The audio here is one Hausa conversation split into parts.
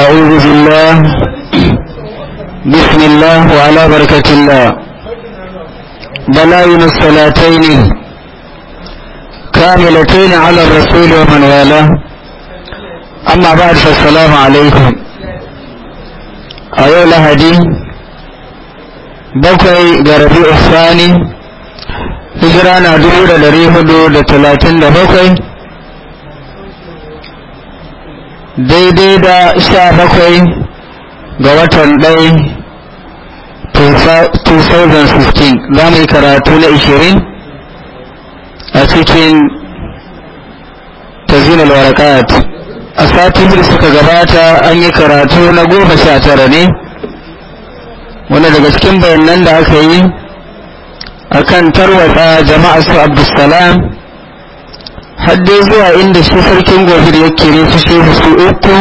أعوذ بالله بسم الله وعلى بركة الله بلاين الصلاتين كاملتين على الرسول ومن والاه أما بعد فالسلام عليكم أيها الهدي بقي جربي الثاني hijira na dubu da dari hudu da talatin da bakwai daidai da sha bakwai ga watan ɗai 2016 za mu yi karatu na 20 a cikin tazinal warakat a satin da suka gabata an yi karatu na goma sha tara ne wanda daga cikin bayanan da aka yi akan tarwata jama'a su abdulsalam har dai zuwa inda shi sarkin gobir yake ne su su uku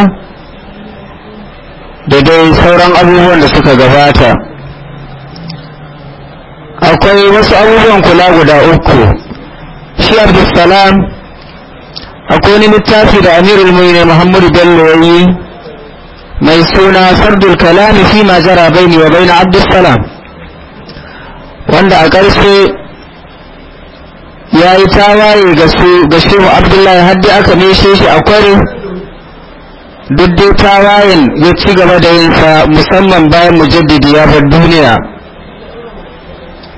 da dai sauran abubuwan da suka gabata akwai wasu abubuwan kula guda uku shi abdulsalam akwai wani littafi da amirul mu'minin muhammadu bello yayi mai suna sardul kalami fi ma jara baini wa baina abdulsalam wanda a ƙarshe ya yi tawaye ga su ga mu abdullahi haddi aka nishe shi a kwarin duk dai tawayen ya ci gaba da yin sa musamman bayan mujaddidi ya bar duniya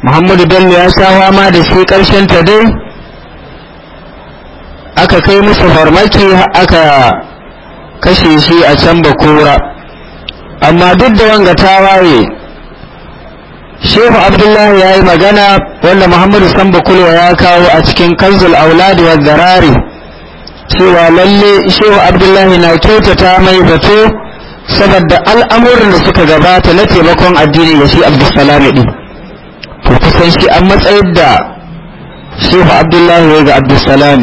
muhammadu bello ya sha ma da shi karshen ta dai aka kai musu farmaki aka kashe shi a can bakura amma duk da wanga tawaye shehu abdullahi ya yi magana wanda muhammadu san kulwa ya kawo a cikin kanzul auladi wa zarari cewa lalle shehu abdullahi na kyautata mai zato saboda al'amuran da suka gabata na taimakon addini da shi abdulsalam din to kusan shi an matsayar da shehu abdullahi ya ga abdulsalam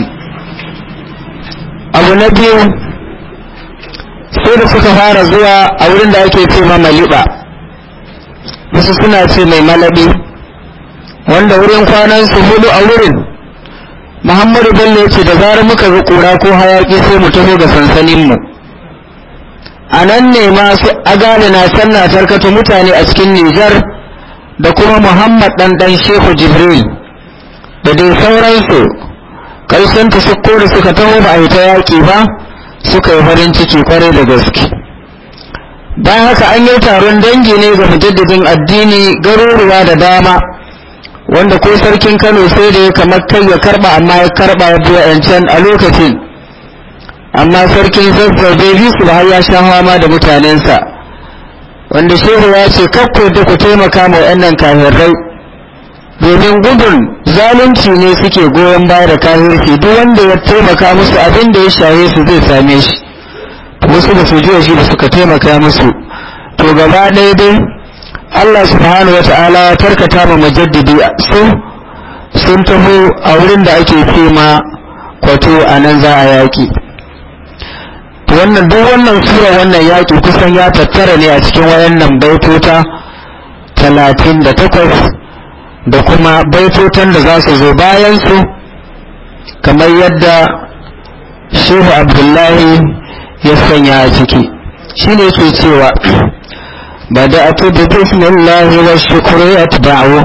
abu na biyu sai da suka fara zuwa a wurin da ake ce maliba wasu suna ce mai malabi wanda wurin kwanan su hudu a wurin muhammadu bello ya ce da zarar muka ga kura ko hayaki sai mu taho ga sansaninmu a nan ne masu agane na sanna tarkata mutane a cikin nijar da kuma muhammad dan dan shehu jibril da dai sauransu kai sun ta suka taho ba a yi ta yaƙi ba suka yi farin ciki kware da gaske bayan haka an yi taron dangi ne ga mujaddidin addini garuruwa da dama wanda ko sarkin kano sai da ya kamar kai ya karba amma ya karba ya biya yancan a lokacin amma sarkin zazzau bai bi su har ya sha hama da mutanensa wanda shehu ya ce kakko da ku taimaka mai yannan kahirrai domin gudun zalunci ne suke goyon baya da kahirci duk wanda ya taimaka musu abin da ya shaye su zai same shi wasu da su shi da suka taimaka musu to gaba ɗaya dai Allah subhanahu wa ta'ala ya tarkata ma majaddidi su sun taho a wurin da ake fema kwato a nan za a yaƙi wannan duk wannan sura wannan yaƙi kusan ya tattara ne a cikin wayannan baitota talatin da takwas da kuma baitotan da za su zo su kamar yadda shehu abdullahi sanya a ciki shi ne بدأت ببسم الله والشكر يتبع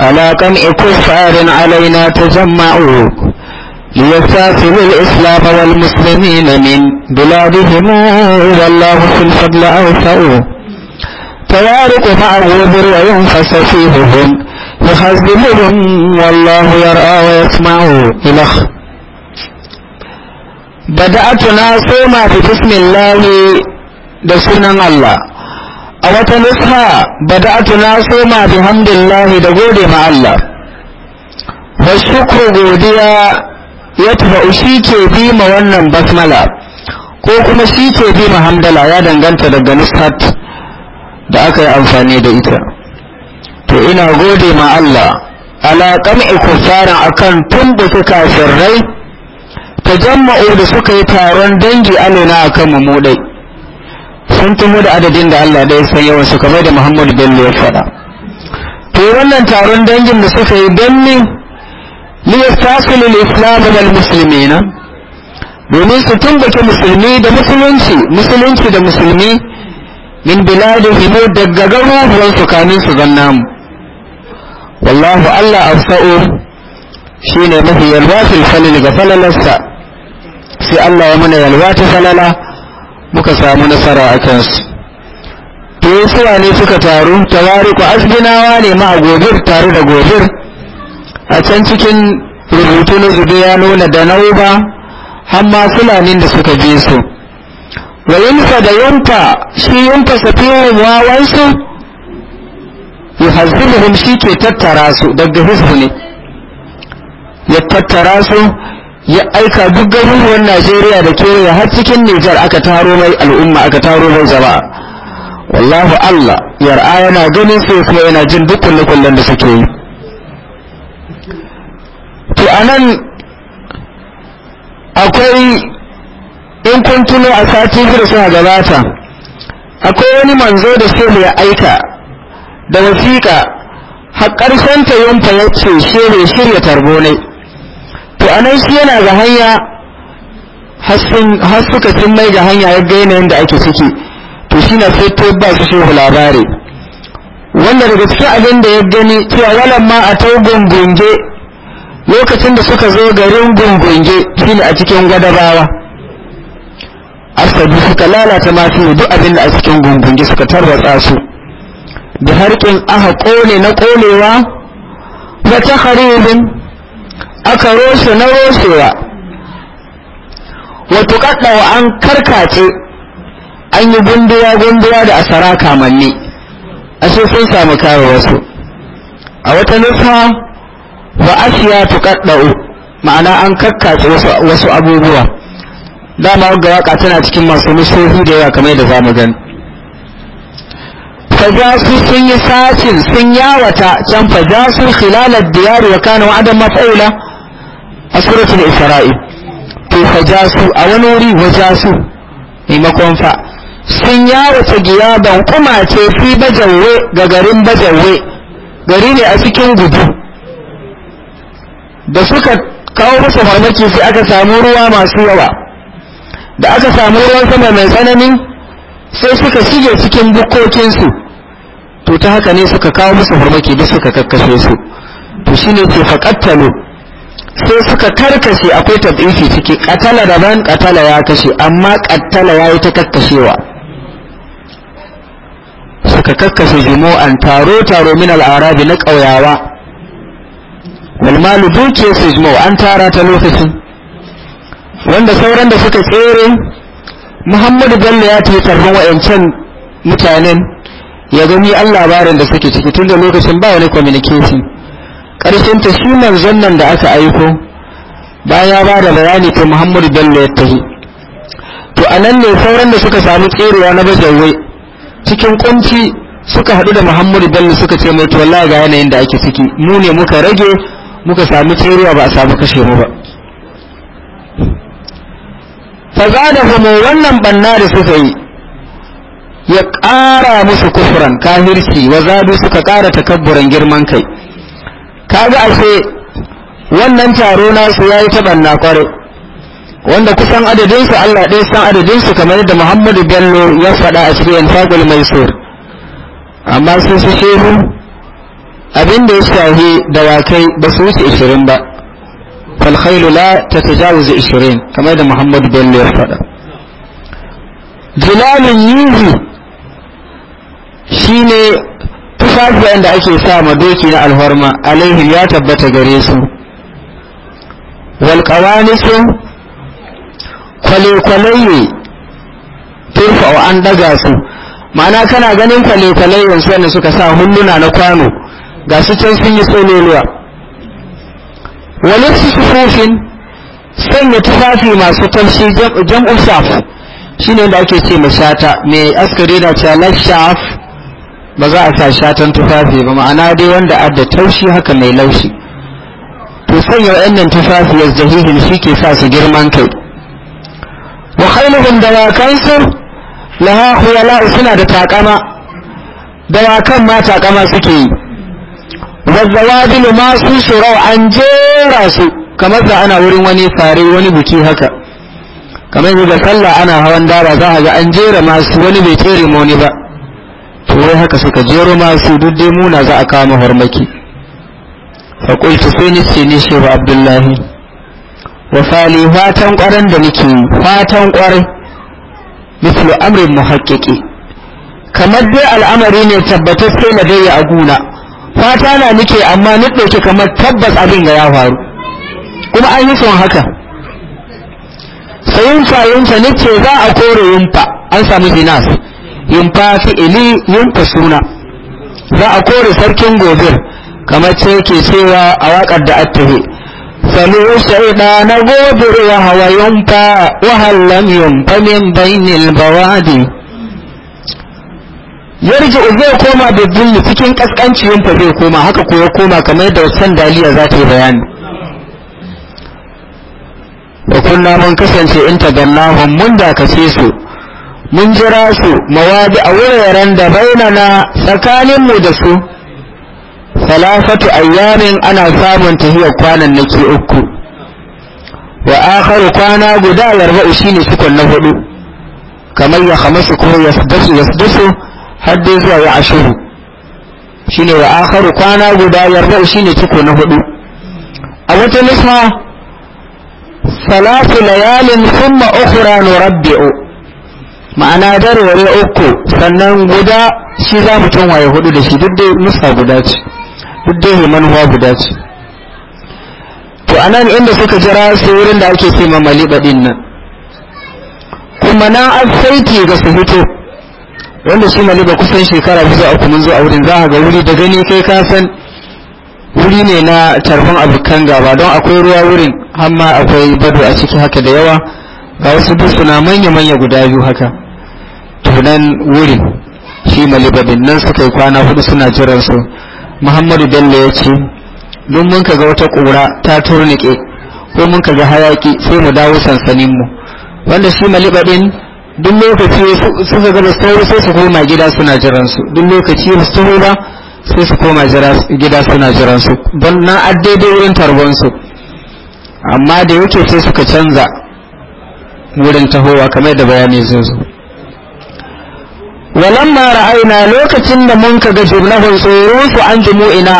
ألا قمع كفار علينا تجمعوا ليستاصل الإسلام والمسلمين من بلادهم والله في الفضل أوسع توارق فأغبر وينفس فيهم يخذلهم والله يرأى ويسمعوا إلخ bada'atuna soma fi bismillahi da sunan Allah a wata nusha bada'atuna soma bi hamdillahi da gode ma Allah wa shukru godiya ya tafa shi ke bi ma wannan basmala ko kuma shi ke bi ma hamdala ya danganta daga nushat da aka yi amfani da ita to ina gode ma Allah ala kam'i kuffaran akan tumbuka kafirai tajamma'u da suka yi taron dangi alona akan mu mu dai sun tumu da adadin da Allah dai san yawan su kamar da Muhammadu Bello ya faɗa to wannan taron dangin da suka yi don ne liyastasul al-islam wal muslimina domin su tumbake musulmi da musulunci musulunci da musulmi min biladihim daga garuruwan su kanin su zanna mu wallahu Allah sa'o shine mafi yalwa fil ga falalarsa sai Allah ya muna yalwa ta salala muka samu nasara a kansu to yasuwa ne suka taru ku asbinawa ne ma gobir tare da gobir a can cikin rubutu na zube ya nuna da nauba har ma fulanin da suka je su wa yunfa da yunfa shi yunfa safihun wawansu yuhazzibuhum shi ke tattara su daga hisbu ne ya tattara su ya aika duk garuruwan Najeriya da kewaye har cikin Nijar aka taro mai al'umma aka taro mai jama'a wallahu Allah yar'a yana ganin sai kuma yana jin duk kullen da suke yi to anan akwai in kun tuno a sati biyu suna gabata akwai wani manzo da shehu ya aika da wasiƙa har ƙarshen ta yanta ya ce shehu shirya tarbo ne to anan shi yana da hanya har suka sun mai da hanya ya ga yanayin da ake ciki to shi na to ba su shehu labari wanda daga cikin abin da ya gani cewa walan ma a tau gungunge lokacin da suka zo garin gungunge shi ne a cikin gwadabawa asabi suka lalata masu duk abin da a cikin gungunge suka tarwatsa su da harkin aha kone na konewa wata haribin aka roshe na roshewa wato kaɗawa an karkace an yi gunduwa gunduwa da asara kamanni ashe sun samu wasu a wata nufa wa ashiya tuƙaɗɗa'u ma'ana an karkace wasu abubuwa dama ga waka tana cikin masu nusohi da yawa kamar da zamu gani fajasu sun yi sacin sun yawata can fajasu khilalar diyar wa kana wa'adan maf'ula a suratul isra'i to fajasu a wani wuri wajasu maimakon fa sun yawace giyaban kumace fi bajawe ga garin bajawe gari ne a cikin gudu da suka kawo masa farmaki sai aka samu ruwa masu yawa da aka samu ruwan sama mai tsanani sai suka shige cikin bukokinsu to ta haka ne suka kawo masa farmaki da suka kakkashe su to shine ke faƙattalo sai suka karkashe akwai tabifi ciki katala daban katala ya kashe amma katala ya yi ta kakkashewa suka kakkashe an taro taro min al'arabi na ƙauyawa malmalu duke su jimo an tara ta lokacin wanda sauran da suka tsere muhammadu bello ya ta yi tarbin wa'ancan mutanen ya gani an labarin da suke ciki tun da lokacin ba wani communication Karshen ta shi manzon nan da aka aiko baya bada ba da bayani ta muhammadu bello ya tahi to a nan ne sauran da suka samu tserewa na bajawai cikin kunci suka haɗu da muhammadu bello suka ce mai wallahi ga yanayin da ake ciki mu ne muka rage muka samu tserewa ba a samu kashe mu ba Fa da mu wannan banna da suka yi ya ƙara musu kufuran kafirci wa zadu suka ƙara takabburan girman kai kaga ashe wannan taro nasu yayi ta banna kware wanda kusan adadin su Allah ɗaya san adadin su kamar yadda Muhammadu Bello ya faɗa a cikin Fagul Maisur amma sun su shehu abin da ya shahi dawakai ba su wuce 20 ba fal khailu la tatajawuzu 20 kamar da Muhammadu Bello ya faɗa jilalin shi shine safiya da ake sa ma doki na alhorma alaihi ya tabbata gare su wal qawanisu kwalekwalai turfa an daga su ma'ana kana ganin kwale-kwale yanzu wanda suka sa hulluna na kwano ga su can sun yi sololuwa walin sufufin sanya tufafi masu kamshi jam'u shaf shine da ake ce mashata mai askare na cewa lashaf ba za a sa shatan tufafi ba ma'ana dai wanda adda taushi haka mai laushi to sanya wa'annan tufafi ya jahihin shi ke sa su girman kai wa khailuhum dawakansu laha khuyala suna da takama dawakan ma takama suke yi wa zawabilu ma su an jera su kamar da ana wurin wani fare wani buki haka kamar da sallah ana hawan dara za a ga an jera masu wani bai tere moni ba to wai haka suka jero masu duk dai muna za a kama hormaki faƙultu sai ni ce ni shehu abdullahi wa fali fatan kwaran da nake fatan ƙwarai mislu amri muhaƙƙiƙi kamar dai al'amari ne tabbatar sai na dai a guna fata na nake amma ni dauke kamar tabbas abin ga ya faru kuma an yi son haka sayunfa yunfa nake za a kore yunfa an samu zinas yin ili yin suna za a kore sarkin gobir kamar ce ke cewa a waƙar da attahe salu shaida na gobir wa hawa yunfa wa hallam yunfa min bainil bawadi yarji zai koma da dinni cikin kaskanci yunfa zai koma haka ko ya koma kamar da wasan daliya za ta yi bayani wa kunna mun kasance in tagannahum mun dakace su mun jira su mawadi a wuraren da bainana tsakaninmu da su salafatu ayyamin ana samun tahiyar kwanan nake uku wa akharu kwana guda ya yarba'u shine cikon na hudu kamar ya khamasu ko yasdasu yasdasu har dai zuwa ya ashiru shine wa akharu kwana guda ya yarba'u shine cikon na hudu a wata nisma salatu layalin thumma ukhra nurabbi'u ma'ana darware uku sannan guda shi za mutum waye hudu da shi duk dai musa guda ce duk dai manuwa guda ce to anan inda suka jira su wurin da ake ce mamali badin nan kuma na an ga su fito wanda shi maliba kusan shekara biyu a kuma zo a wurin za ga wuri da gani kai ka san wuri ne na tarfin abokan gaba don akwai ruwa wurin amma akwai bado a ciki haka da yawa ga wasu na manya-manya guda biyu haka nan wurin shi malibabin nan suka yi kwana hudu suna jiran su muhammadu bello ya ce don mun kaga wata kura ta turnike ko mun kaga hayaki sai mu dawo sansanin mu wanda shi malibabin duk lokaci su suka gaba sauri sai su koma gida suna jiran su duk lokaci su su ba sai su koma gida suna jiran su don na addaidai wurin tarbon su amma da yake sai suka canza wurin tahowa kamar da bayani zai zo walamma ra'ayna lokacin da mun kaga jumlahun tsoron su an jumu'ina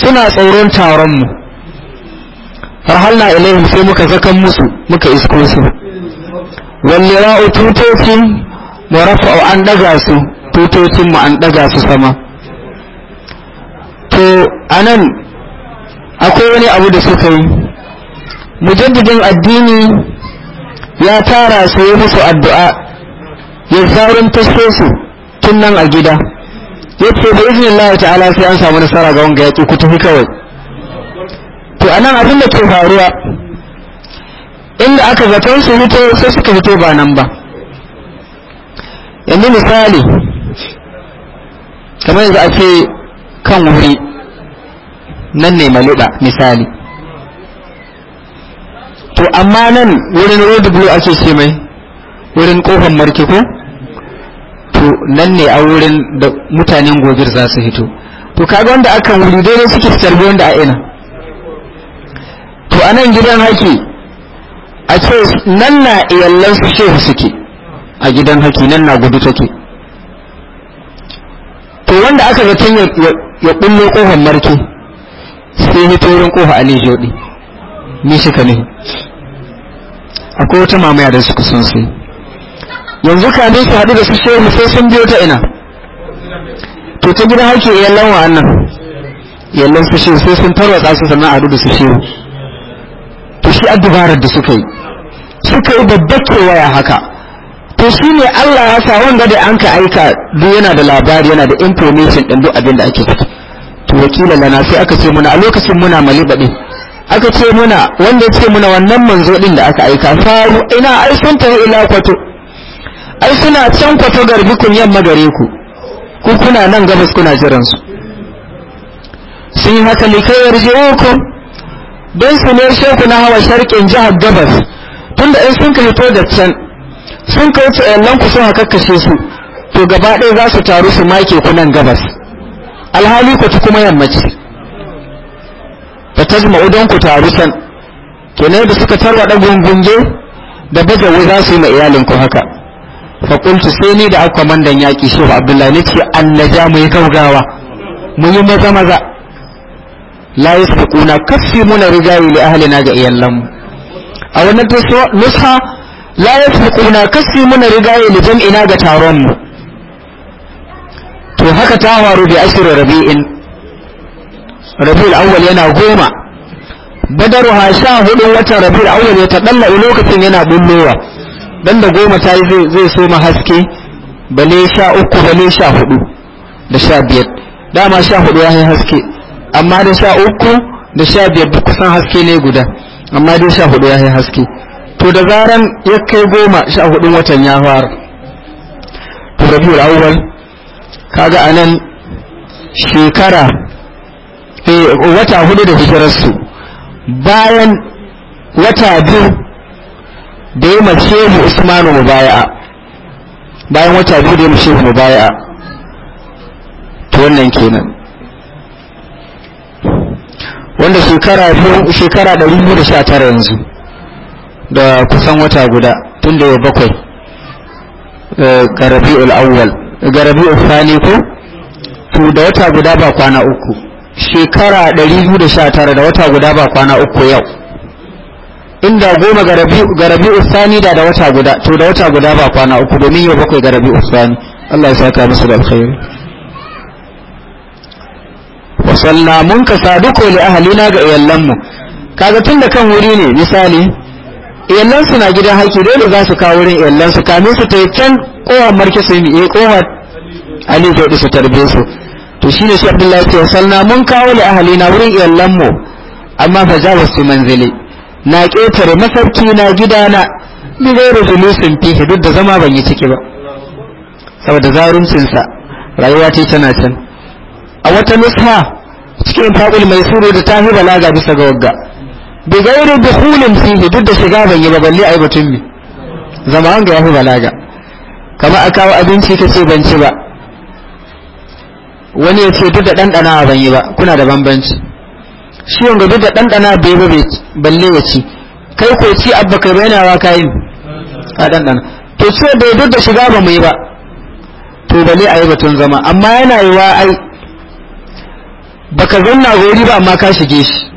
suna tsoron taron mu rahalna ilaihim sai muka zakan musu muka isko su wallira'u tutocin mu rafa'u an daga su tutocin mu an daga su sama to anan akwai wani abu da suka yi mujaddidin addini ya tara su yi musu addu'a ya zarin tashe su tun nan a gida ya ce da izini Allah ta'ala sai an samu nasara ga wanga yaƙi ku tafi kawai to anan abin da ke faruwa inda aka zaton su fito sai suka fito ba nan ba yanzu misali kamar yanzu a ce kan wuri nan ne maluɗa misali to amma nan wurin road blue ake ce mai wurin kofan marke ko to nan ne a wurin da mutanen gobir za su hito to kaga wanda akan wuri ne suke sarbi wanda a ina to a nan gidan haki a ce nan na iyallan su shehu suke a gidan haki nan na gudu take to wanda aka zaton ya bullo kofar marke sai hito wurin kofa ali jodi ni shi ka ne akwai wata mamaya da suka son sai yanzu kamin su haɗu da su shehu sai sun biyo ta ina to ta gida hake yallon wa'annan yallon su shehu sai sun tarwatsa su sannan a da su shehu to shi addubarar da suka yi suka yi babbar kewaya haka to shi ne Allah ya sa wanda da an ka aika duk yana da labari yana da information ɗin duk abin da ake ciki to wakila lana sai aka ce muna a lokacin muna malibaɗin aka ce muna wanda ya ce muna wannan manzo ɗin da aka aika faru ina ai sun tafi ila kwato ai suna can kwato kun yamma gare ku ku kuna nan gabas kuna jiransu sun yi haka likayar ji'uku don su ne sheku na hawa sharkin jihar gabas tunda in sun ka hito da can sun kai wuce yallon ku sun hakakkashe su to gaba ɗaya za su taru su make ku nan gabas alhali ku ta kuma yammaci ta tajma udon ku taru can kenan da suka tarwaɗa gungunje da wai za su yi ma iyalinku haka faƙultu sai ni da akwamandan yaƙi shehu abdullahi ne ce an naja mu yi gaugawa mu yi maza maza la yi saƙuna kafi muna rijayi li ahalina ga iyalanmu a wannan nusa la yi saƙuna kafi muna rijayi li jam'ina ga taron mu. to haka ta faru bi ashirin rabi'in rabi'ul awwal yana goma badaru ha sha hudu watan rabi'ul awwal ya taɗalla lokacin yana bullowa dan da goma ta yi zai so ma haske bale sha uku bale sha hudu da sha biyar dama sha hudu ya yi haske amma da sha uku da sha biyar duk kusan haske ne guda amma dai sha hudu ya yi haske to da zaran ya kai goma sha hudun watan ya fara to rabiul awwal kaga anan shekara eh, wata hudu da hijirarsu bayan wata biyu da mace mashehu usmanu mubaya'a bayan wata biyu da yi mu mubaya'a to wannan kenan wanda shekara biyu shekara tara yanzu da kusan wata guda tun da bakwai eh, ga al'awwal awwal ga thani ko to da wata guda ba kwana uku shekara 219 da wata guda ba kwana uku yau inda goma ga rabi'u sani da da wata guda to da wata guda ba kwana uku domin yau bakwai ga rabi'u sani Allah ya saka musu da alkhairi wa sallamun ka saduko li ahlina ga iyallan mu kaga tunda kan wuri ne misali iyallan su na gidan haki dole za su kawo wurin iyallan su kamin su ta can kowa marke su ne eh, kowa ali zai su tarbe su to shine shi Abdullahi ya ce salla mun kawo li ahlina wurin iyallan mu amma fa jawastu manzili na ƙetare masauki na gidana bi gairu julusin fi duk da zama ban yi ciki ba saboda zaruncinsa rayuwa ce tana can a wata nusha cikin fa'il mai suru da ta balaga bisa ga wagga bi gairu dukhulin fihi duk da shiga ban yi ba balle ai batun mi zama an ga yafi balaga kama a kawo abinci ta ce ban ci ba wani ya ce duk da ɗanɗanawa ban yi ba kuna da bambanci shi wanga duk da ɗanɗana bai ba balle ya ci kai ko ci abba kai bai nawa kayin A ɗanɗana to ce bai duk da shiga ba mu yi ba to balle a yi batun zama amma yana yi wa ai baka zanna gori ba amma ka shige shi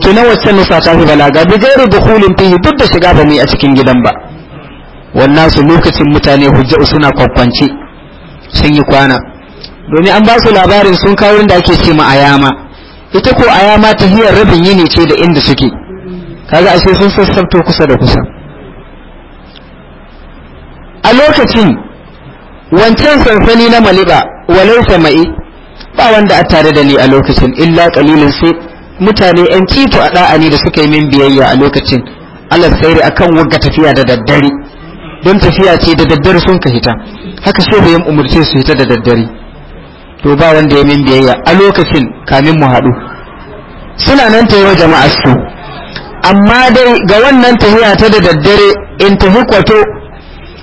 to na wacce nufa ta fi balaga bi gairu dukhulin fihi duk da shiga ba mu yi a cikin gidan ba wannan su lokacin mutane hujja suna kwakwance sun yi kwana domin an ba su labarin sun kawo inda ake ce ma ayama ita ko aya ma hiyar rabin yini ce da inda suke kaga ashe sun sassabto kusa da kusa a lokacin wancan sansani na maliba walau sama'i ba wanda a tare da ni a lokacin illa kalilin sai mutane yan cito a da'ani da suka yi min biyayya a lokacin allah sairi akan wagga tafiya da daddare don tafiya ce da daddare sun ka hita haka shehu ya umurce su hita da daddare to ba wanda ya min biyayya a lokacin kamin mu haɗu suna nan ta yi wa jama'ar su amma dai ga wannan tahiya ta da daddare in tafi kwato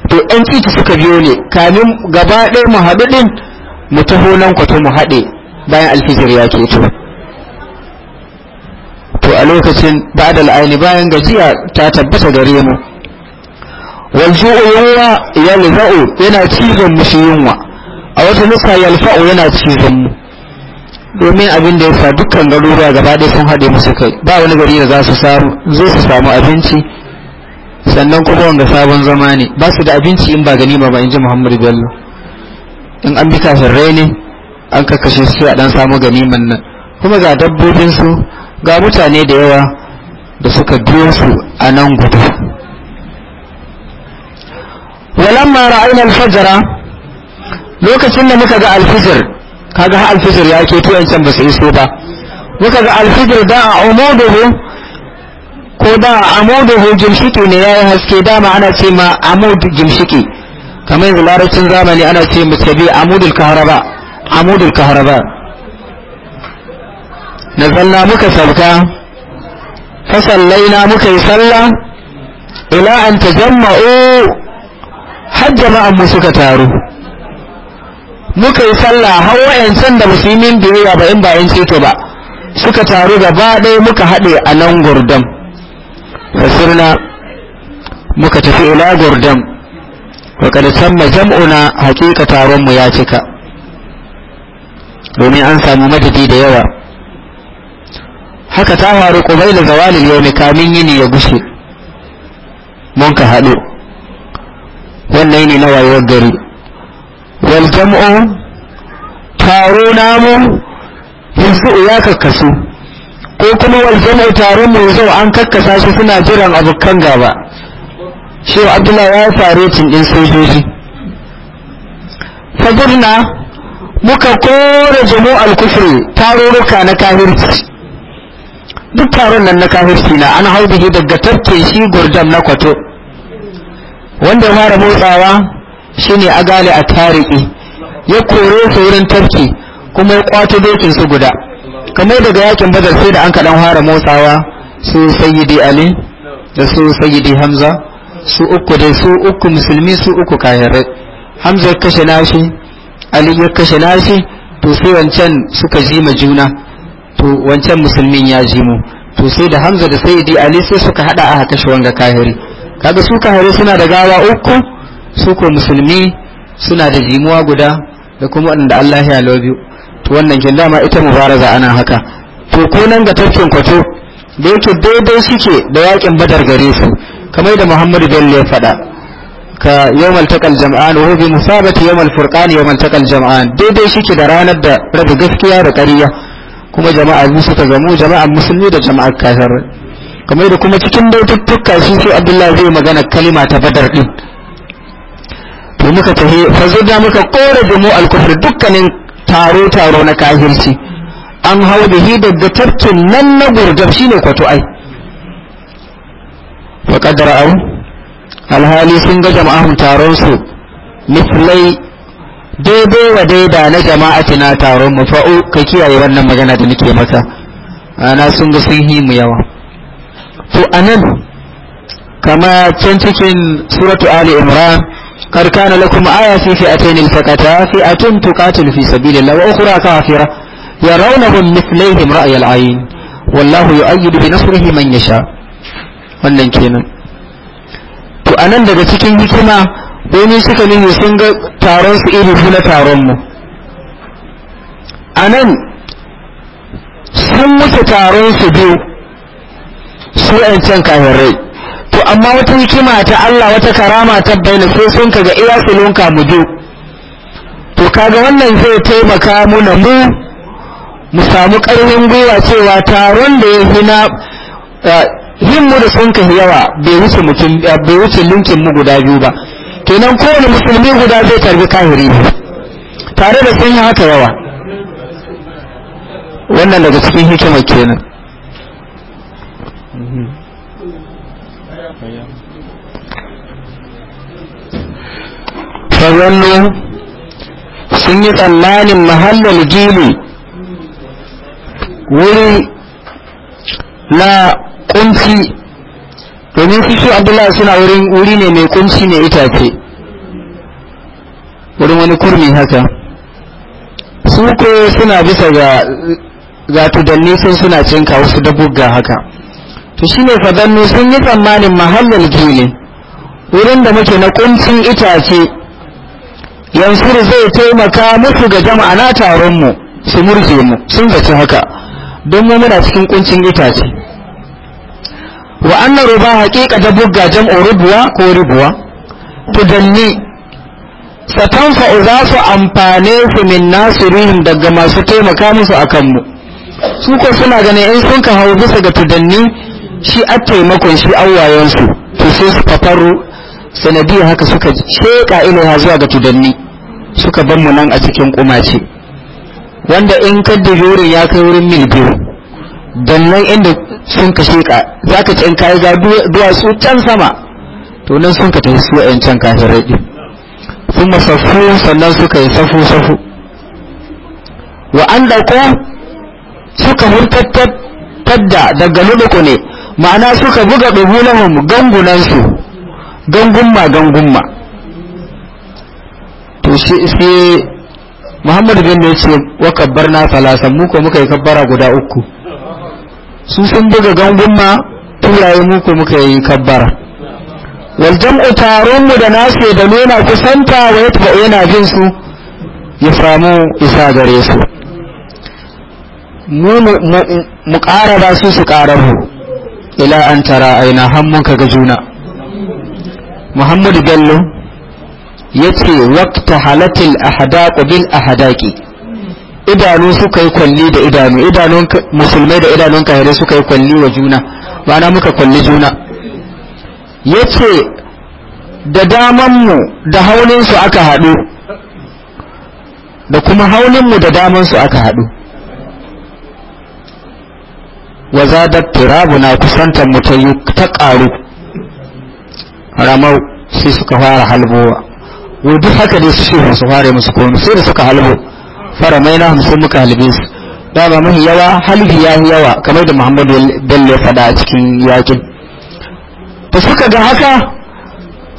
to ɗan ciki suka biyo ne kamin gaba ɗaya mu haɗu ɗin mu taho nan kwato mu haɗe bayan alfijir ya keto to a lokacin ba'da la'ani bayan gajiya ta tabbata gare mu wal ju'u yunwa yalza'u yana cizon mushi yunwa a wata nusa yalfa'u yana cizon mu domin abin da ya sa dukkan garuruwa gaba ɗaya sun haɗe musu kai ba wani gari da za su samu zai su samu abinci sannan kuma wanga sabon zama ne ba su da abinci in ba ganima ba in ji muhammadu bello in an bi kafin ne an kakkashe su a ɗan samu ganiman nan kuma ga dabbobinsu ga mutane da yawa da suka biyo su a nan gudu walamma ra'ayin alfajara lokacin da muka ga alfijir kaga ha alfijir ya ke tuwan can ba su iso ba muka ga alfijir da a umuduhu ko da a amuduhu gimshiki ne ya yi haske dama ana ce ma amud gimshiki kamar yanzu larabcin zamani ana ce mu mutabi amudul kaharaba amudul kaharaba na zalla muka sauka fasallaina muka yi sallah ila an tajamma'u har jama'an mu suka taru muka yi sallah har san da musulmin biyayya ba in ba yan ceto ba suka taru gaba ɗaya muka haɗe a nan gurdam fasirna muka tafi ila gurdam wa kada ma jam'una haƙiƙa taron mu ya cika domin an samu madadi da yawa haka ta faru kubai da zawalin yau kamin yini ya gushe mun ka haɗu wannan ne na wayewar gari waljam'u taro namu yanzu ya kakkasu ko kuma waljam'u taron mu yanzu an kakkasa shi suna jiran abokan gaba shi abdullahi ya faru cin din sojoji fagurna muka kore jumu'al kufri tarurruka na kafirci duk taron nan na kafirci na an hau daga tafke shi gurdam na kwato wanda ya fara motsawa shine ne a tariki ya kore su wurin tafki kuma ya kwato dokin su guda kamar daga yakin badar sai da an kaɗan fara motsawa su sayyidi ali da su sayyidi hamza su uku da su uku musulmi su uku kayarai hamza ya kashe nashi ali ya kashe nashi to sai wancan suka jima juna to wancan musulmin ya jimo. to sai da hamza da sayyidi ali sai suka hada a kashe wanga kahiri kaga su kahiri suna da gawa uku su ko musulmi suna da jimuwa guda da kuma wanda Allah ya biyu to wannan kin dama ita mubaraza ana haka to ko nan ga tafkin kwato da yake daidai suke da yakin badar gare su kamar da Muhammadu Bello ya faɗa ka yawmal taqal jam'an wa bi musabati yawmal furqan yawmal taqal jam'an daidai suke da ranar da rabu gaskiya da ƙarya kuma jama'a musu ta zamu jama'a musulmi da jama'a kafir kamar da kuma cikin daututtuka shi sai Abdullahi zai magana kalima ta badar din to muka zo da muka kore mu alkufr dukkanin taro taro na kafirci an hau bihi da tafkin nan na gurgab shine kwato ai fa qadra'u alhali sun ga jama'an taron su mislai daidai wa daida na jama'ati na taron mu fa'u ka kiyaye wannan magana da nake maka ana sun ga sun himu yawa to anan kama can cikin suratu ali imran قد كان لكم آية في فئتين التقتا فئة تقاتل في سبيل الله وأخرى كافرة يرونهم مثليهم رأي العين والله يؤيد بنصره من يشاء wannan kenan to anan daga cikin hikima wani suka nuna sun ga taron su iri na taron mu anan sun mutu taron su biyu su 'yan can kayan rai to amma wata hikima ta Allah wata karama ta bayyana sai sun kaga iya silonka mu je to kaga wannan zai taimaka muna mu mu samu karfin gwiwa cewa taron da ya hina himmu da sun kai yawa bai wuce mutum bai wuce linkin mu guda biyu ba kenan kowane musulmi guda zai tarbi kahiri tare da sun yi haka yawa wannan daga cikin hikimar kenan mhm. ballo sun yi tsammanin mahallar gini wuri na kunci domin su shi abdullahi suna wuri ne mai kunci ne itace wurin wani kurmi haka su ko suna bisa ga gatudanni sun suna cinka wasu dabugga haka to ne fadannu sun yi tsammanin mahallar gini wurin da muke na kuncin itace yansur zai taimaka musu ga jama'a na taron mu su murje mu sun zaci haka don mu muna cikin kuncin itace wa anna ruba haqiqa da bugga jam'u rubuwa ko rubuwa satan satanfa za su amfane su min nasirin daga masu taimaka musu akan mu su ko suna ganin in sun ka hau bisa ga tudanni shi a taimakon shi awayensu to sai su fafaru sanadiyar haka suka sheka ilaiha zuwa ga tudanni suka ban mu nan a cikin kumace wanda in ka wurin ya kai wurin mil biyu dan nan inda sun ka sheka za ka ci in kayi ga duwatsu can sama to nan sun ka tafi su wa'yan can kafin raɗi sun masafu sannan suka yi safu safu wa an ɗauko suka hurtattar tadda daga lubuku ne ma'ana suka buga ɗubunahum gangunansu gangunma gangunma sai muhammadu bin ne ce wa kabbar na salasa mu muka yi kabbara guda uku su sun buga ma turaye mu ko muka yi kabbara wal jam'u mu da nasu da nuna kusanta wa yatba yana jin su ya samu isa gare su mu mu ba su su ƙararru ila an tara aina hammun ka ga juna muhammadu bello yace waqta halatil ahdaq bil ahdaqi idanu suka yi kwalli da idanu idanun musulmai da idanun kahirai suka yi kwalli wa juna bana muka kwalli juna yace da damanmu da haulinsu aka haɗu da kuma haulinmu da damansu aka haɗu wa zadar turabu na kusantar mu ta ƙaru ramau sai suka fara halbowa wa duk haka dai su shehu su fara musu komai sai da suka halbo fara mai na hamsin muka halbe su dama mahi yawa halbi ya yi yawa kamar da muhammadu bello ya fada a cikin yakin da suka ga haka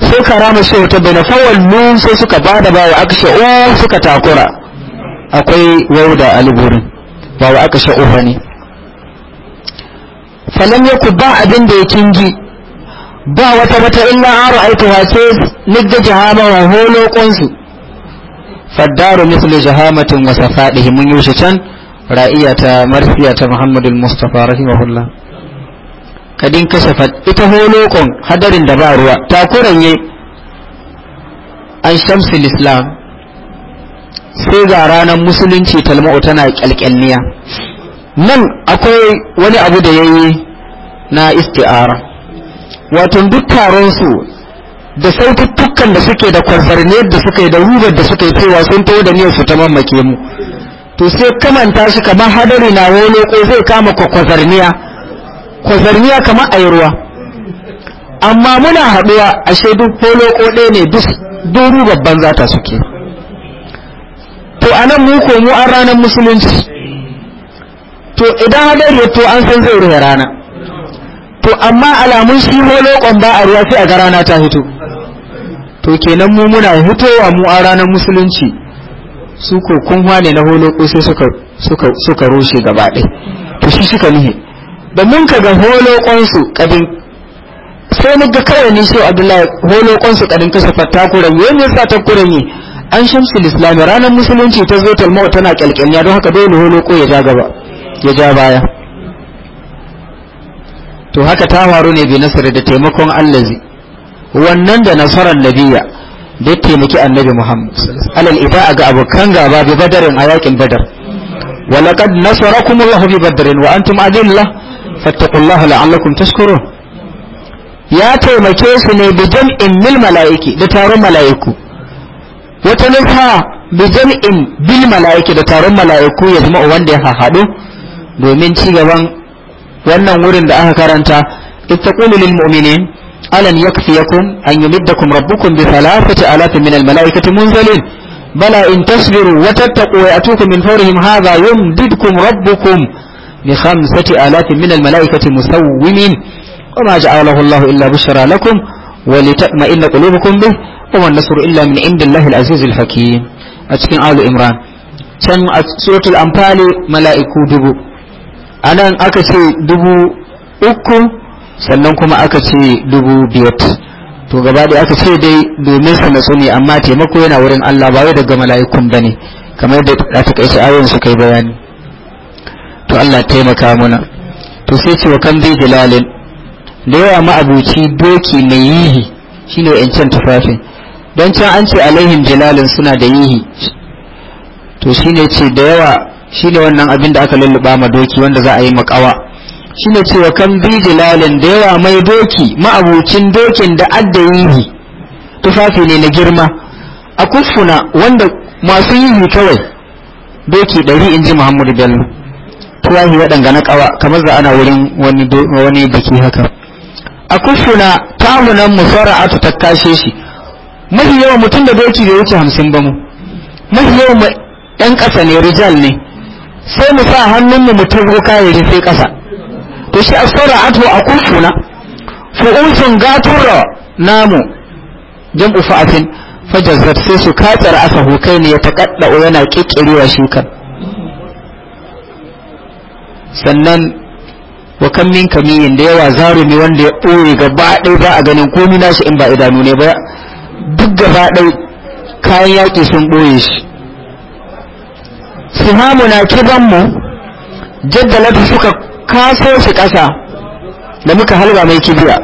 sai karama shehu ta bane fawallun sai suka ba da bawa aka sha'o suka takura akwai wauda aliburin bawa aka sha'o ne falam ba abin da ya kingi ba wata wata illa an ra'aitu wace nidda jahama wa holo faddaru mislu jahamatin wa safadihi mun yushe can ra'iya ta marsiya ta muhammadul mustafa rahimahullah kadin kashe ita holo kun hadarin da ba ruwa ta kuranye an shamsul islam sai ga ranar musulunci talma'u tana kyalkyalniya nan akwai wani abu da yayi na isti'ara wato duk taron su da saututtukan da suke da kwarzarniyar da suke da rubar da suke cewa sun tawo da niyyar su ta mamake mu to sai kamanta shi kamar hadari na wani ko zai kama kwakwazarniya kwazarniya kamar a ruwa amma muna haɗuwa a shaidu holoko ɗaya ne duru babban zata suke to a nan muku mu an ranar musulunci to idan hadari to an san zai ruhe rana to amma alamun shi lokon ba a ruwa sai a ga rana ta hito to kenan mu muna hitowa mu a ranar musulunci su ko kun ne na holoko sai suka suka suka rushe gaba ɗaya to shi suka nihe da mun ka ga su kadin sai mun ga kawai ni sai abdullahi su kadin kashe fatta kurami me yasa ta ne an shamsu lislami ranar musulunci ta zo talmawa tana kyalkyalya don haka dole holoko ya ja gaba ya ja baya to haka ta faru ne bi nasar da taimakon allazi wannan da nasarar nabiya da ya taimaki annabi muhammad alal ita ga abokan gaba bi badarin a yakin badar walaqad kuma allah bi badarin wa antum adilla fattaqullaha la'allakum tashkurun ya taimake su ne bi jam'in mil mala'iki da taron mala'iku wata nufa bi jam'in bil mala'iki da taron mala'iku ya zama wanda ya haɗu domin ci gaban wannan wurin da aka karanta ittaqulu lil mu'minin alan yakfiyakum an yumiddakum rabbukum bi thalathati alafin min al malaikati munzalin bala in tasbiru wa tattaqu wa yatukum min fawrihim hadha yumdidkum rabbukum bi khamsati alafin min al malaikati musawwimin وما جعله الله إلا بشرى لكم ولتطمئن قلوبكم به وما النصر إلا من عند الله العزيز الحكيم أتكين آل إمران can a suratul amfani mala'iku dubu anan aka ce dubu uku sannan kuma aka ce dubu biyar to gaba da aka ce dai domin su natsu ne amma taimako yana wurin Allah ba wai daga mala'ikun bane kamar da ta takaice ayoyin su kai bayani to Allah taimaka muna to sai ce wa kan bi jilalin da yawa ma'abuci doki mai yihi shine 'yancan tufafin don can an ce alaihim jilalin suna da yihi to shine ce da yawa Shi ne wannan abin da aka lulluba ma doki wanda za a yi makawa ne cewa kan bi jilalin da yawa mai doki ma'abucin dokin da adda yihi tufafi ne na girma a kuskuna wanda masu yihi kawai doki ɗari in ji muhammadu bello tuwahi waɗanga na ƙawa kamar za ana wurin wani biki haka a kufuna tamunan musara'atu ta kashe shi mafi yawan mutum da doki bai wuce hamsin ba mu mafi yawan ɗan ƙasa ne rijal ne sai mu sa hannunmu mu tabo ya rufe kasa to shi asara ato a kulfuna fu'usun gatura namu jam'u fa'atin fajazzat sai su katsar asahu hukai ne ya o yana ƙiƙirewa shi kan sannan wa kan min kamiyin da yawa zarumi wanda ya ɓoye gaba ɗaya ba a ganin komi nashi in ba idanu ne ba duk gaba ɗaya kayan yaƙi sun ɓoye shi sihamuna kibanmu jaddalatu suka kaso su ƙasa da muka halba mai kibiya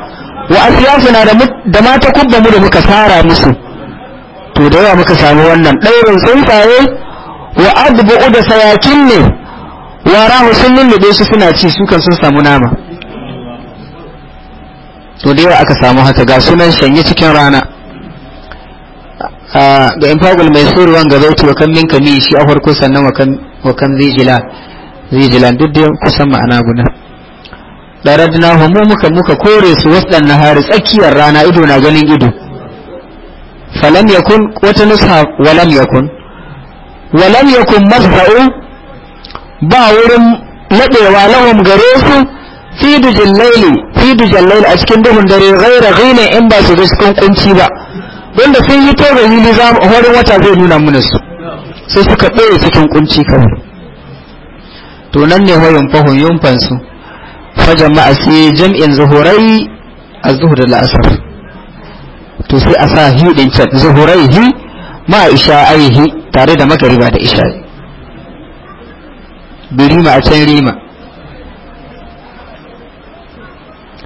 wa na da mata kubba mu da muka sara musu to da yawa muka samu wannan ɗaurin tsuntsaye wa adbu'u da sayakin ne wa rahu sun lullube shi suna ci su kan sun samu nama to da yawa aka samu haka ga sunan shanye cikin rana ga ah, in fagul mai surwan ga zauti wa kan min kami shi a farko sannan wa kan zijila zijila duk da kusan ma'ana guda daradna homo muka muka kore su wasdan hari tsakiyar rana ido na ganin ido falam yakun wata nusa walam yakun walam yakun mazra'u ba wurin ladewa lahum gare su fi dujal laili fi dujal laili a cikin duhun dare ghaira ghina in ba su ga cikin kunci ba don da sun yi to yi za a horin wata zai nuna munasu su sai suka ɗaya cikin kunci kawai to nan ne hoyin fahun yumfan su fa jama'a sai jam'in zuhurai azhur da la'asar to sai a sa hi can zuhurai hi ma a isha'aihi tare da magariba da isha isha'i rima a can rima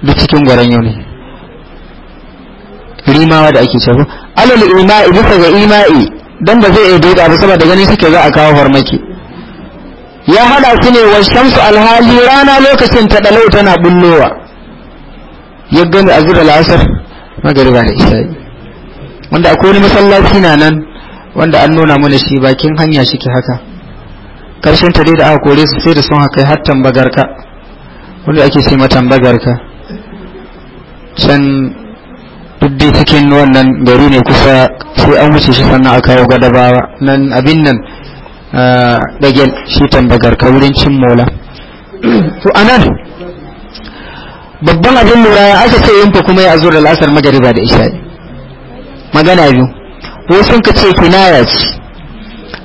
duk cikin gwaran yau ne rimawa da ake cewa alal ima'i bisa ga ima'i dan ba zai iya duka ba saboda ganin suke za a kawo farmaki ya hada su ne wa shamsu alhali rana lokacin ta dalau tana bullowa ya gani azura al'asar magariba da isha'i wanda akwai wani masallaci na nan wanda an nuna mana shi bakin hanya shike haka karshen ta dai da aka kore su sai da sun haka har tambagarka wanda ake ce ma tambagarka can duk dai cikin wannan gari ne kusa sai an wuce shi sannan a kawo gwadabawa nan abin nan dagel shi tambagar ka wurin cin mola to anan babban abin lura ya aka sai yin kuma ya azura al'asar magariba da isha magana biyu wasu ka ce kinaya ce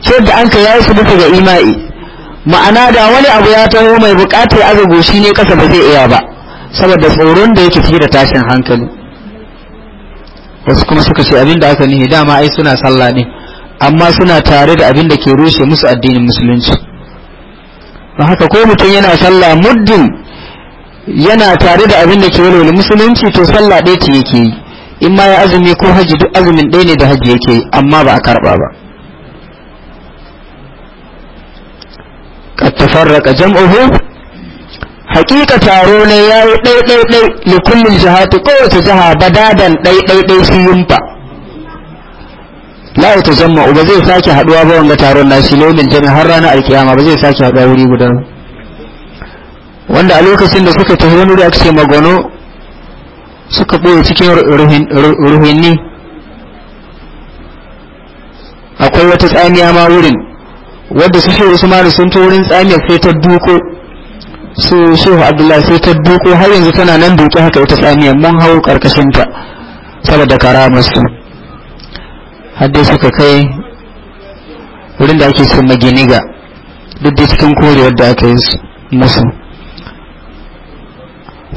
ce da an ka yayi su bisa ga ima'i ma'ana da wani abu ya taho mai bukatar azubu shi ne kasa ba zai iya ba saboda tsoron da yake fi da tashin hankali wasu kuma suka ce abinda aka nihi dama ai suna sallah ne amma suna tare da abinda ke rushe musu addinin musulunci don haka ko mutum yana sallah muddin yana tare da abinda ke wani musulunci to sallah ɗaya ce yake yi in ma ya azumi ko haji duk azumin ɗaya ne da haji yake yi amma ba a karɓa ba قد تفرق hakika taro ne ya yi ɗaiɗaiɗai da kullum jihati kowace jiha badadan ɗaiɗaiɗai su yumfa la ta zama ba zai sake haɗuwa ba wanga taron na shi lomin jami har ranar alkiyama ba zai sake haɗuwa wuri guda wanda a lokacin da suka tafi wani da aka ce magano suka ɓoye cikin ruhinni akwai wata tsamiya ma wurin wadda su shi usmanu sun ta wurin tsamiyar sai ta duko su shehu abdullahi sai ta duko har yanzu tana nan duke haka ita tsaniyar mun hau karkashin ta saboda karamarsu hadde suka kai wurin da ake sun maginiga duk da cikin korewar da aka yi musu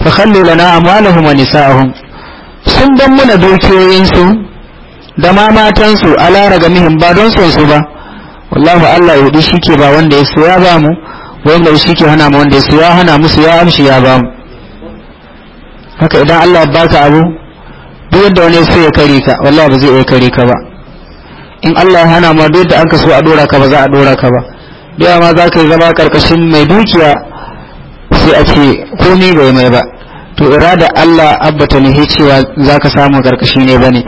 fa khallu lana amwalahum wa nisa'ahum sun dan muna dukiyoyinsu da ma matansu ala ragamihim ba don son su ba wallahu Allah ya shi ke ba wanda ya soya ba mu wanda shi ke hana mu wanda su ya hana musu ya amshi ya ba mu haka idan Allah ya baka abu duk wanda wani sai ya kare ka wallahi ba zai iya kare ka ba in Allah ya hana ma duk da an so a dora ka ba za a dora ka ba da ma za ka zama karkashin mai dukiya sai a ce komai bai mai ba to irada Allah abbata ne cewa za ka samu karkashi ne ba ne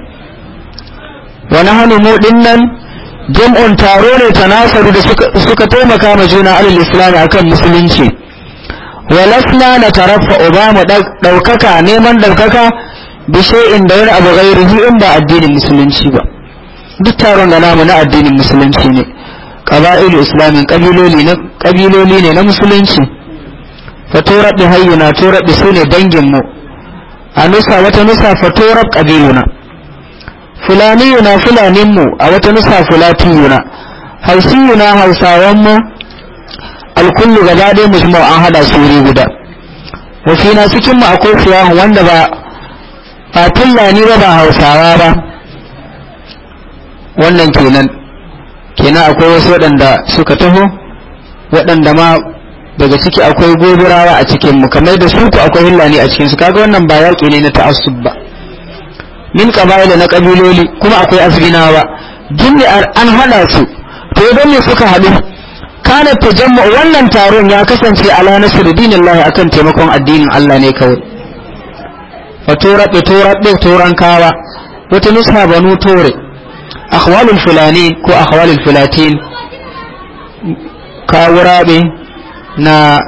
wani hannu mu nan jam'un taro ne tanasaru da suka taimaka ma juna alal islam akan musulunci lasna na tarafa obama ɗaukaka neman ɗaukaka da shay'in da wani abu gairihi in ba addinin musulunci ba duk taron da namu na addinin musulunci ne ƙaba'ilu islamin ƙabiloli ne na musulunci fatorar da hayyuna torar da su ne danginmu a nusa wata nusa fatorar ƙabiluna Fulani fulanin fulaninmu a wata nusa yuna hausawan mu alkullu gaba ɗaya mujmau an hada su wuri guda wasina cikinmu akwai fulahun wanda ba ba fulani ba ba hausawa ba wannan kenan kenan akwai wasu waɗanda suka taho waɗanda ma daga ciki akwai gobirawa a cikinmu kamar da su ku akwai hillani a cikinsu kaga wannan ba yaƙi ne na ta'assub ba min qaba'ila na kabiloli kuma akwai azginawa jummi'ar an hada su to idan suka hadu kana tajammu wannan taron ya kasance ala nasr dinillahi akan taimakon addinin Allah ne kawai fa turabe turabe turan kawa wata nusa banu tore akhwalul fulani ko akhwalul fulatin kawurabe na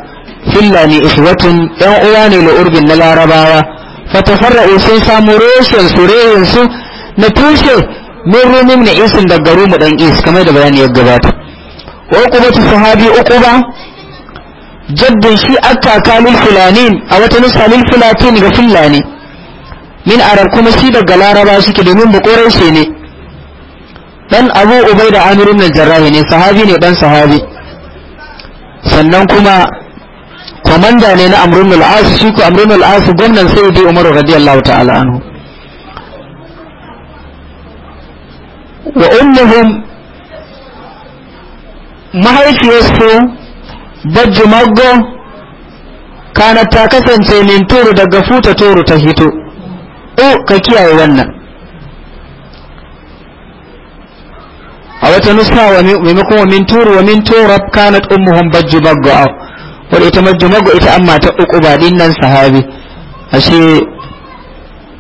fillani uswatun yan uwa ne la urbin na larabawa fatafarra'u sun samu reshen su reshen su na tushe min rumi na isin garu mu dan is kamar da bayani ya gabata wa uqubatu sahabi ba jaddin shi akka kalil fulanin a wata nusa fulatin ga fulani min arab kuma shi daga laraba suke domin bukorai shi ne dan abu ubaida amirun jarrahi ne sahabi ne dan sahabi sannan kuma komanda ne na amrun al shi ko amrun al-as gwamnan sayyidi umar radiyallahu ta'ala anhu wa ummuhum mahaifiyarsu bajju maggo kana ta kasance min turu daga futa turu ta hito o ka kiyaye wannan a wata nusa wa maimakon wa min turu wa min turab kanat ummuhum bajju maggo a. wadda ita majjumago ita amma ta uku ba nan sahabi ashe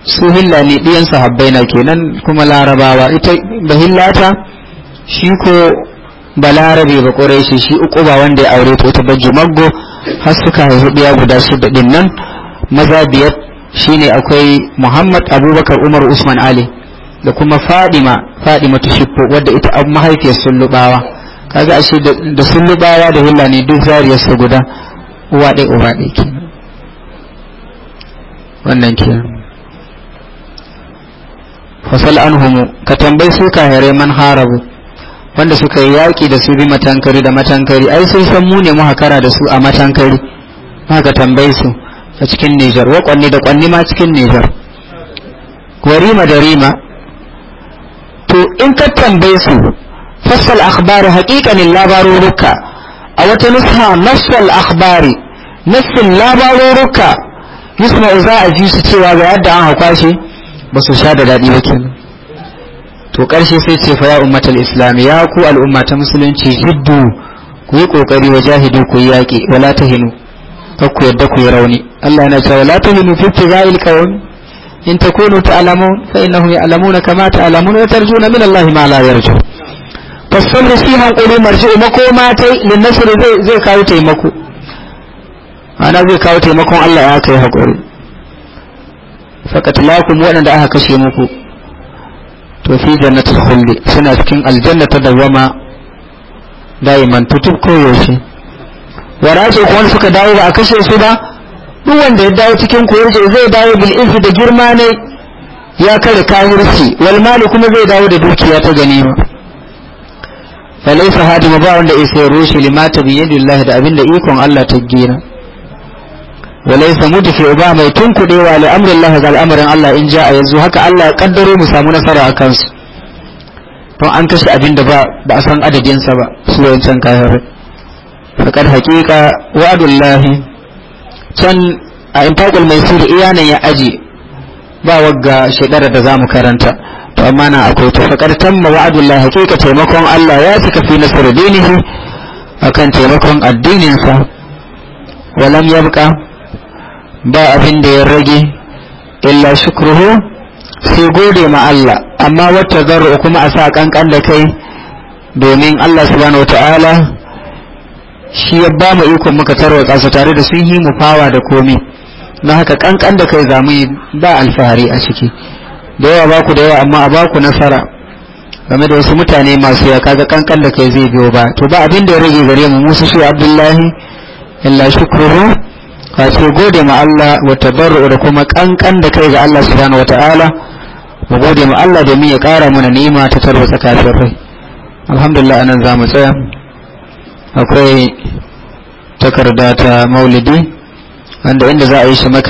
su hilla ne ɗiyan sahabbai na kenan kuma larabawa ita bahillata shi ko ba larabe ba shi ukuba uku ba wanda ya aure ta ita majjumago har suka haihu ɗiya guda shida ɗin nan maza biyar shine akwai muhammad abubakar umar usman ali da kuma fadima fadima ta shifo wadda ita mahaifiyar sullubawa kaga ashe da sullubawa da hilla ne duk zariyarsa guda uwa ɗaya uba ɗaya kenan wannan kenan fasal anhumu ka tambayi su kahirai man harabu wanda suka yi yaƙi da su bi matankari da matankari ai sun san mu ne mu hakara da su a matankari haka tambayi su a cikin Nijar wa kwanni da kwanni ma cikin Nijar warima da rima to in ka tambayi su fassal akhbar haqiqanin labarurruka a wata nusa nassul akhbari nassin labarurruka yusma za a ji su cewa ga yadda an hakwa shi ba su sha da daɗi ba kenan to ƙarshe sai ce fa ya ummatal islam ya ku al'umma ta musulunci hiddu ku yi ƙoƙari wa jahidu ku yi yaƙi wala tahinu kar ku yadda ku yi rauni Allah yana cewa wala tahinu fi ibtigha'il qawm in ta takunu alamu fa innahum ya'lamuna kama ta'lamun wa tarjuna min Allah ma la yarju tasallu fi hankuri marji makoma ta linnasiri zai kawo taimako ana zai kawo taimakon Allah ya kai haƙuri fakatlakum waɗanda aka kashe muku to fi jannatul khuldi suna cikin aljanna ta dawama daiman tutub ko yaushe warace kuma suka dawo ba a kashe su ba duk wanda ya dawo cikin ku zai dawo bil izi da girma ne ya kare kafirci wal mali kuma zai dawo da dukiya ta ganima falaisa hadima ba da isa rushe limata bi da abinda ikon Allah ta gina walaisa mudfi ba mai tunkudewa li amrillah ga al'amarin Allah in ja'a yanzu haka Allah ya kaddaro mu samu nasara a kansu don an kashe abinda ba ba a san adadin sa ba su yawancan kayan fakar haqiqa wa'adullahi can a infaqul maisir iyanan ya aji ba wagga shekara da zamu karanta to amma na akwai ta faƙar tamma wa'adullahi hakika taimakon Allah ya cika fi nasarar akan taimakon addininsa walam yabqa ba abin da ya rage illa shukruhu sai gode ma Allah amma wata zarra kuma a sa kankan da kai domin Allah subhanahu wataala shi ya ba mu ikon muka tarwa kasa tare da sun yi mu fawa da komi na haka kankan da kai zamu yi ba alfahari a ciki da yawa ku da yawa amma a baku nasara game da wasu mutane masu ya kaga kankan da kai zai biyo ba to ba abin da ya rage gare mu musu shi abdullahi illa shukuru ka ce gode ma Allah wa tabarru da kuma kankan da kai ga Allah subhanahu wataala mu gode ma Allah domin ya kara mana ni'ima ta tarwatsa kafirai alhamdulillah anan za mu tsaya akwai takarda ta maulidi wanda inda za a yi shi maka